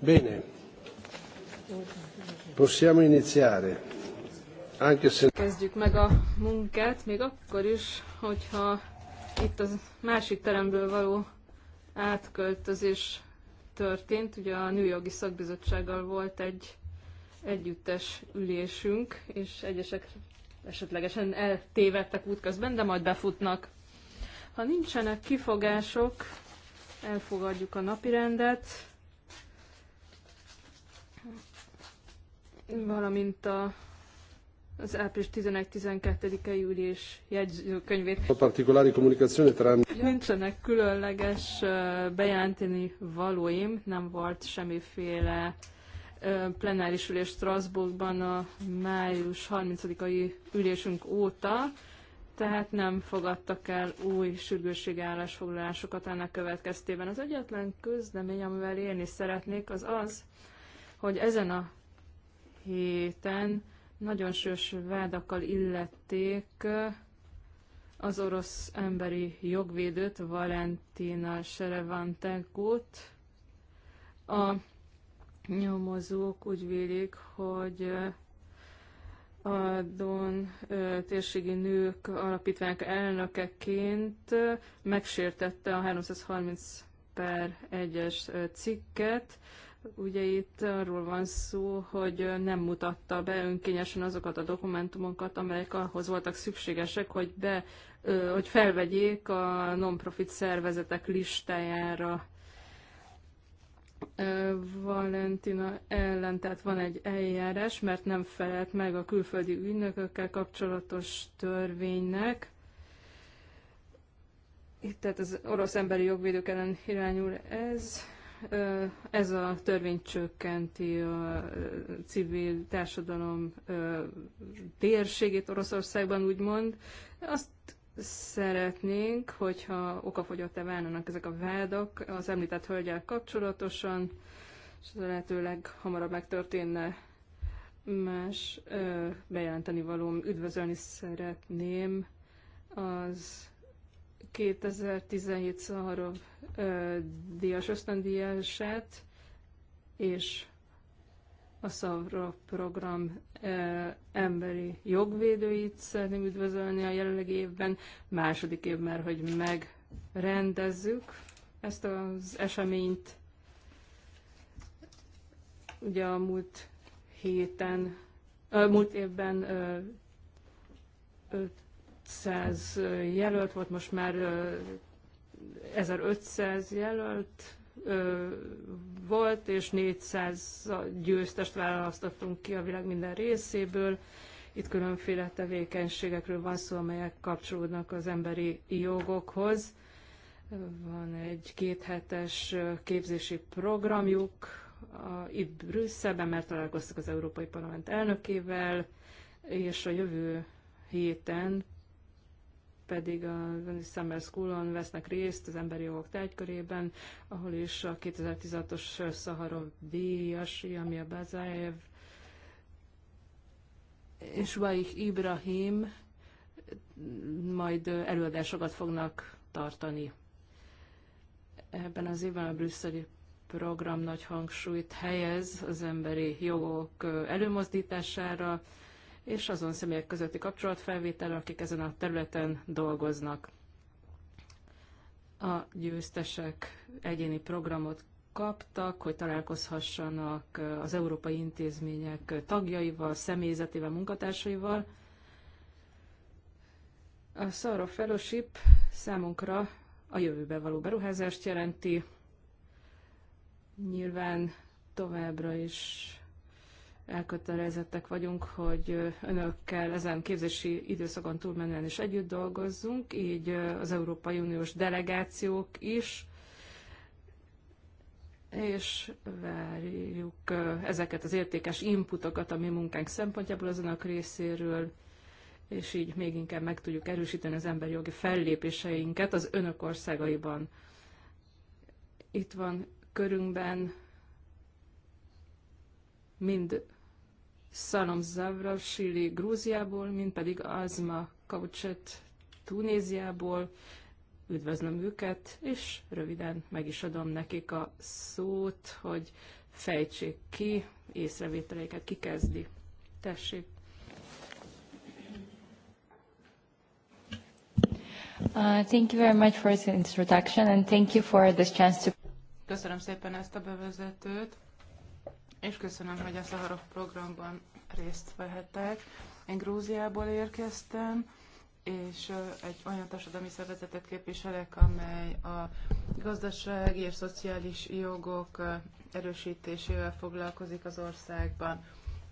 Bene, possiamo iniziare. Anche se... Kezdjük meg a munkát, még akkor is, hogyha itt a másik teremből való átköltözés történt. Ugye a Nőjogi Szakbizottsággal volt egy együttes ülésünk, és egyesek esetlegesen eltévedtek útközben, de majd befutnak. Ha nincsenek kifogások, elfogadjuk a napirendet. valamint a, az április 11-12-i ülés jegyzőkönyvét. A partikulári comunicazione tra... Nincsenek különleges bejelenteni valóim, nem volt semmiféle plenáris ülés Strasbourgban a május 30-ai ülésünk óta, tehát nem fogadtak el új sürgősségi állásfoglalásokat ennek következtében. Az egyetlen közlemény, amivel élni szeretnék, az az, hogy ezen a héten nagyon sős vádakkal illették az orosz emberi jogvédőt, Valentina Serevantenkút. A nyomozók úgy vélik, hogy a Don térségi nők alapítványok elnökeként megsértette a 330 per 1-es cikket, Ugye itt arról van szó, hogy nem mutatta be önkényesen azokat a dokumentumokat, amelyek ahhoz voltak szükségesek, hogy, be, hogy felvegyék a non-profit szervezetek listájára. Valentina ellen, tehát van egy eljárás, mert nem felelt meg a külföldi ügynökökkel kapcsolatos törvénynek. Itt tehát az orosz emberi jogvédők ellen irányul ez ez a törvény csökkenti a civil társadalom térségét Oroszországban, úgymond. Azt szeretnénk, hogyha okafogyott-e válnának ezek a vádak az említett hölgyel kapcsolatosan, és ez lehetőleg hamarabb megtörténne más bejelenteni való, Üdvözölni szeretném az 2017 Szaharov díjas ösztöndíjását és a Szavra program emberi jogvédőit szeretném üdvözölni a jelenlegi évben. Második év már, hogy megrendezzük ezt az eseményt. Ugye a múlt héten, ö, múlt évben ö, ö, 100 jelölt volt, most már 1500 jelölt volt, és 400 győztest választottunk ki a világ minden részéből. Itt különféle tevékenységekről van szó, amelyek kapcsolódnak az emberi jogokhoz. Van egy kéthetes képzési programjuk a, itt Brüsszelben, mert találkoztak az Európai Parlament elnökével, és a jövő héten pedig a Summer School-on vesznek részt az emberi jogok tájkörében, ahol is a 2016-os Szaharov díjas, a Bazaev, és Vaik Ibrahim majd előadásokat fognak tartani. Ebben az évben a brüsszeli program nagy hangsúlyt helyez az emberi jogok előmozdítására, és azon személyek közötti kapcsolatfelvétel, akik ezen a területen dolgoznak. A győztesek egyéni programot kaptak, hogy találkozhassanak eh, az európai intézmények tagjaival, személyzetével, munkatársaival. A Szarra Fellowship számunkra a jövőbe való beruházást jelenti. Nyilván továbbra is elkötelezettek vagyunk, hogy önökkel ezen képzési időszakon túlmenően is együtt dolgozzunk, így az Európai Uniós delegációk is, és várjuk ezeket az értékes inputokat a mi munkánk szempontjából az önök részéről, és így még inkább meg tudjuk erősíteni az emberi jogi fellépéseinket az önök országaiban. Itt van körünkben mind Szalom Zavrasili Grúziából, mint pedig Azma Kaucset Tunéziából. Üdvözlöm őket, és röviden meg is adom nekik a szót, hogy fejtsék ki észrevételeiket. Ki kezdi? Tessék. Uh, thank you very much for introduction, and thank you for this chance to... Köszönöm szépen ezt a bevezetőt és köszönöm, hogy a Szaharov programban részt vehetek. Én Grúziából érkeztem, és egy olyan társadalmi szervezetet képviselek, amely a gazdasági és szociális jogok erősítésével foglalkozik az országban.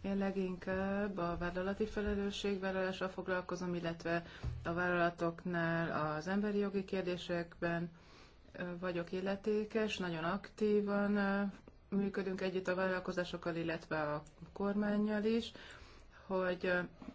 Én leginkább a vállalati felelősségvállalással foglalkozom, illetve a vállalatoknál az emberi jogi kérdésekben vagyok illetékes, nagyon aktívan működünk együtt a vállalkozásokkal, illetve a kormányjal is, hogy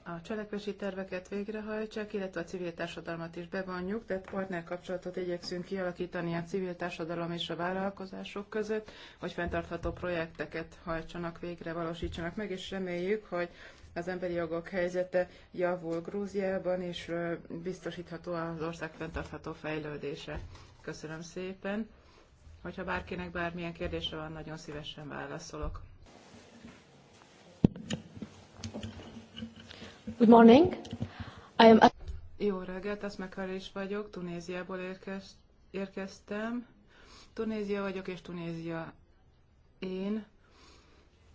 a cselekvési terveket végrehajtsák, illetve a civil társadalmat is bevonjuk, tehát partner kapcsolatot igyekszünk kialakítani a civil társadalom és a vállalkozások között, hogy fenntartható projekteket hajtsanak végre, valósítsanak meg, és reméljük, hogy az emberi jogok helyzete javul Grúziában, és biztosítható az ország fenntartható fejlődése. Köszönöm szépen! Hogyha bárkinek bármilyen kérdése van, nagyon szívesen válaszolok. Good morning. I am... Jó reggelt, meg is vagyok, Tunéziából érkez, érkeztem. Tunézia vagyok, és Tunézia én.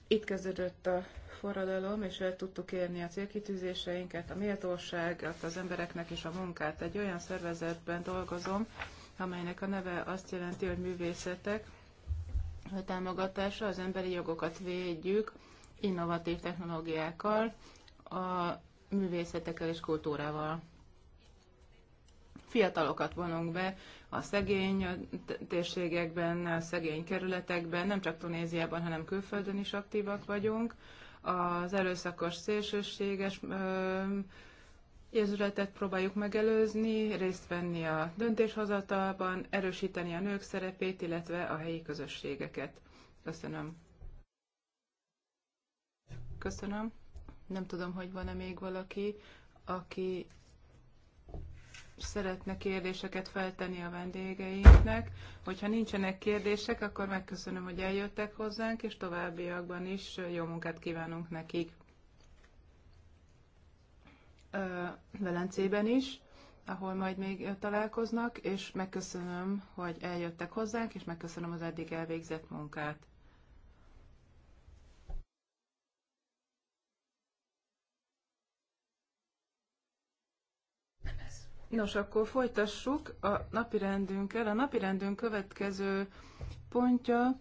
Itt kezdődött a forradalom, és el tudtuk érni a célkitűzéseinket, a méltóságot, az embereknek és a munkát. Egy olyan szervezetben dolgozom, amelynek a neve azt jelenti, hogy művészetek támogatása, az emberi jogokat védjük innovatív technológiákkal, a művészetekkel és kultúrával. Fiatalokat vonunk be a szegény térségekben, a szegény kerületekben, nem csak Tunéziában, hanem külföldön is aktívak vagyunk. Az erőszakos szélsőséges Jezületet próbáljuk megelőzni, részt venni a döntéshozatalban, erősíteni a nők szerepét, illetve a helyi közösségeket. Köszönöm. Köszönöm. Nem tudom, hogy van-e még valaki, aki szeretne kérdéseket feltenni a vendégeinknek. Hogyha nincsenek kérdések, akkor megköszönöm, hogy eljöttek hozzánk, és továbbiakban is jó munkát kívánunk nekik. Velencében is, ahol majd még találkoznak, és megköszönöm, hogy eljöttek hozzánk, és megköszönöm az eddig elvégzett munkát. Nos, akkor folytassuk a napirendünkkel. A napirendünk következő pontja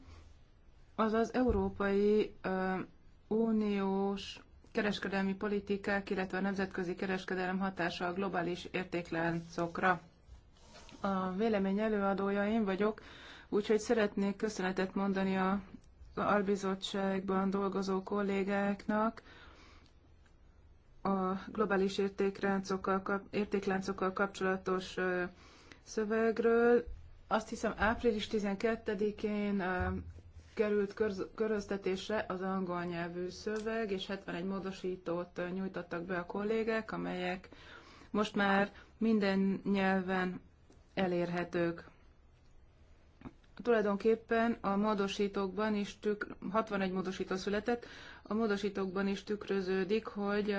az az Európai Uniós kereskedelmi politikák, illetve a nemzetközi kereskedelem hatása a globális értékláncokra. A vélemény előadója én vagyok, úgyhogy szeretnék köszönetet mondani a albizottságban dolgozó kollégáknak, a globális értékláncokkal, értékláncokkal kapcsolatos szövegről. Azt hiszem április 12-én került körz, köröztetésre az angol nyelvű szöveg, és 71 módosítót nyújtottak be a kollégek, amelyek most már minden nyelven elérhetők. Tulajdonképpen a módosítókban is tük, 61 módosító született, a módosítókban is tükröződik, hogy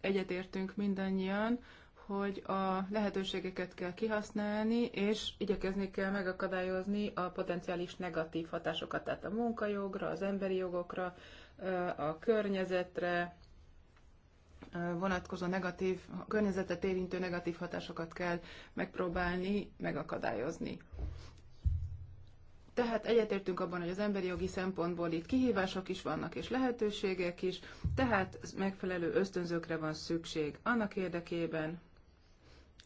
egyetértünk mindannyian, hogy a lehetőségeket kell kihasználni, és igyekezni kell megakadályozni a potenciális negatív hatásokat, tehát a munkajogra, az emberi jogokra, a környezetre vonatkozó negatív, a környezetet érintő negatív hatásokat kell megpróbálni megakadályozni. Tehát egyetértünk abban, hogy az emberi jogi szempontból itt kihívások is vannak, és lehetőségek is, tehát megfelelő ösztönzőkre van szükség annak érdekében,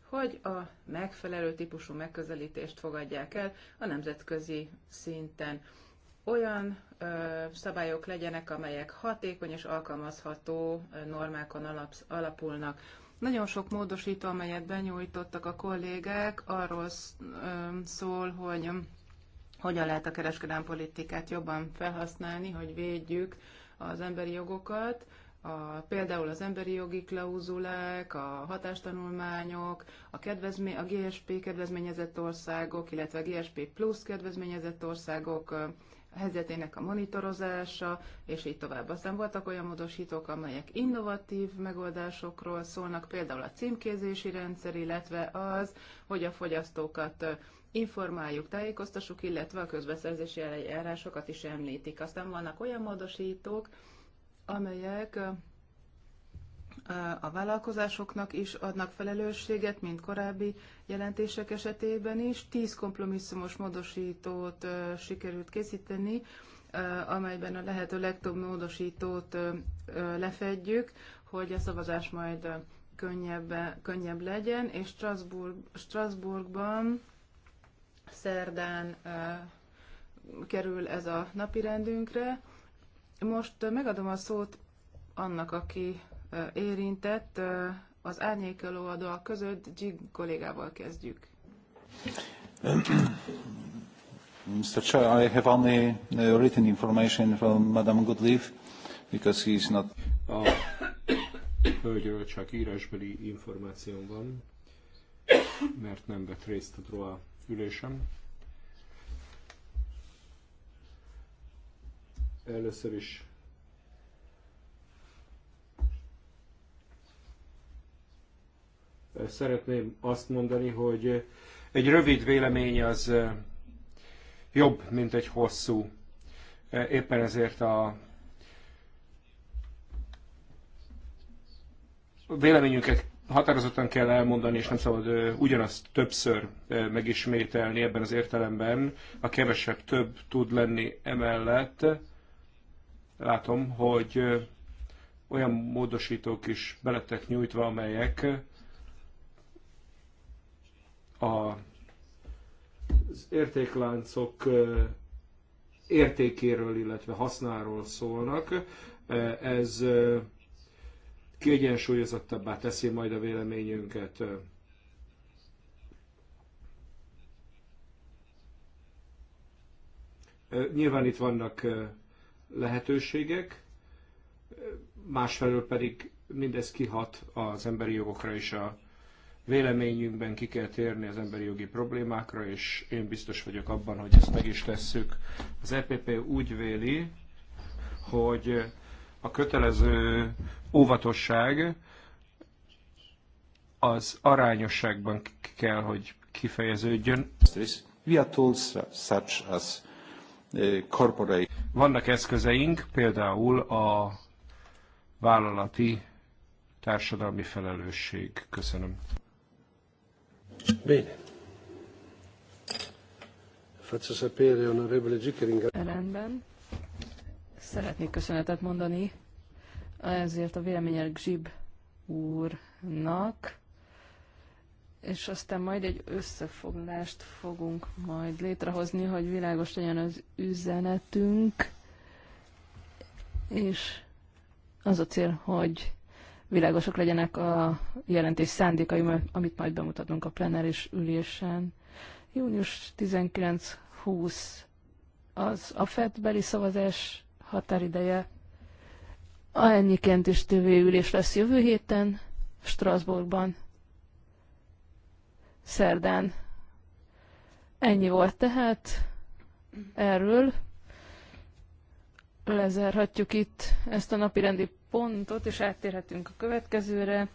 hogy a megfelelő típusú megközelítést fogadják el a nemzetközi szinten. Olyan ö, szabályok legyenek, amelyek hatékony és alkalmazható normákon alapsz, alapulnak. Nagyon sok módosító, amelyet benyújtottak a kollégák, arról szól, hogy hogyan lehet a kereskedelmi politikát jobban felhasználni, hogy védjük az emberi jogokat, a, például az emberi jogi klauzulák, a hatástanulmányok, a, kedvezmény, a GSP kedvezményezett országok, illetve a GSP plusz kedvezményezett országok helyzetének a monitorozása, és így tovább. Aztán voltak olyan módosítók, amelyek innovatív megoldásokról szólnak, például a címkézési rendszer, illetve az, hogy a fogyasztókat informáljuk, tájékoztassuk, illetve a közbeszerzési eljárásokat is említik. Aztán vannak olyan módosítók, amelyek a vállalkozásoknak is adnak felelősséget, mint korábbi jelentések esetében is. Tíz kompromisszumos módosítót sikerült készíteni, amelyben a lehető legtöbb módosítót lefedjük, hogy a szavazás majd könnyebb, könnyebb legyen, és Strasbourg, Strasbourgban szerdán kerül ez a napirendünkre. Most megadom a szót annak, aki érintett, az árnyék a között Gig kollégával kezdjük. Mr. Chair, I have only uh, written information from Madame Goodleaf, because he is not... A hölgyről csak írásbeli információm van, mert nem vett részt a DROA ülésem. Először is szeretném azt mondani, hogy egy rövid vélemény az jobb, mint egy hosszú. Éppen ezért a véleményünket határozottan kell elmondani, és nem szabad ugyanazt többször megismételni ebben az értelemben. A kevesebb több tud lenni emellett látom, hogy olyan módosítók is belettek nyújtva, amelyek a, az értékláncok értékéről, illetve hasznáról szólnak. Ez kiegyensúlyozottabbá teszi majd a véleményünket. Nyilván itt vannak lehetőségek, másfelől pedig mindez kihat az emberi jogokra és a véleményünkben ki kell térni az emberi jogi problémákra, és én biztos vagyok abban, hogy ezt meg is tesszük. Az EPP úgy véli, hogy a kötelező óvatosság az arányosságban kell, hogy kifejeződjön. We are told such as corporate. Vannak eszközeink, például a vállalati társadalmi felelősség. Köszönöm. Bene. Faccio sapere, onorevole Gickering. Rendben. Szeretnék köszönetet mondani ezért a vélemények Zsib úrnak és aztán majd egy összefoglást fogunk majd létrehozni, hogy világos legyen az üzenetünk, és az a cél, hogy világosak legyenek a jelentés szándékai, amit majd bemutatunk a plenáris ülésen. Június 19-20 az AFET beli szavazás határideje. Ennyiként is tévéülés lesz jövő héten Strasbourgban szerdán. Ennyi volt tehát erről. Lezárhatjuk itt ezt a napi rendi pontot, és áttérhetünk a következőre,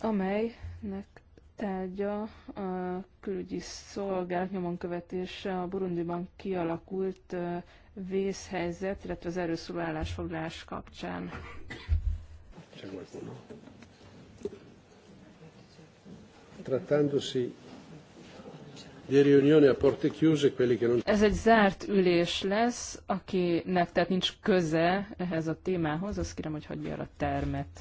amelynek tárgya a külügyi szolgálat nyomon követése a Burundiban kialakult vészhelyzet, illetve az erőszóló kapcsán. Csak trattandosi di riunioni a porte chiuse, quelli che non... Ez egy zárt ülés lesz, akinek tehát nincs köze ehhez a témához, azt kérem, hogy hagyja el a termet.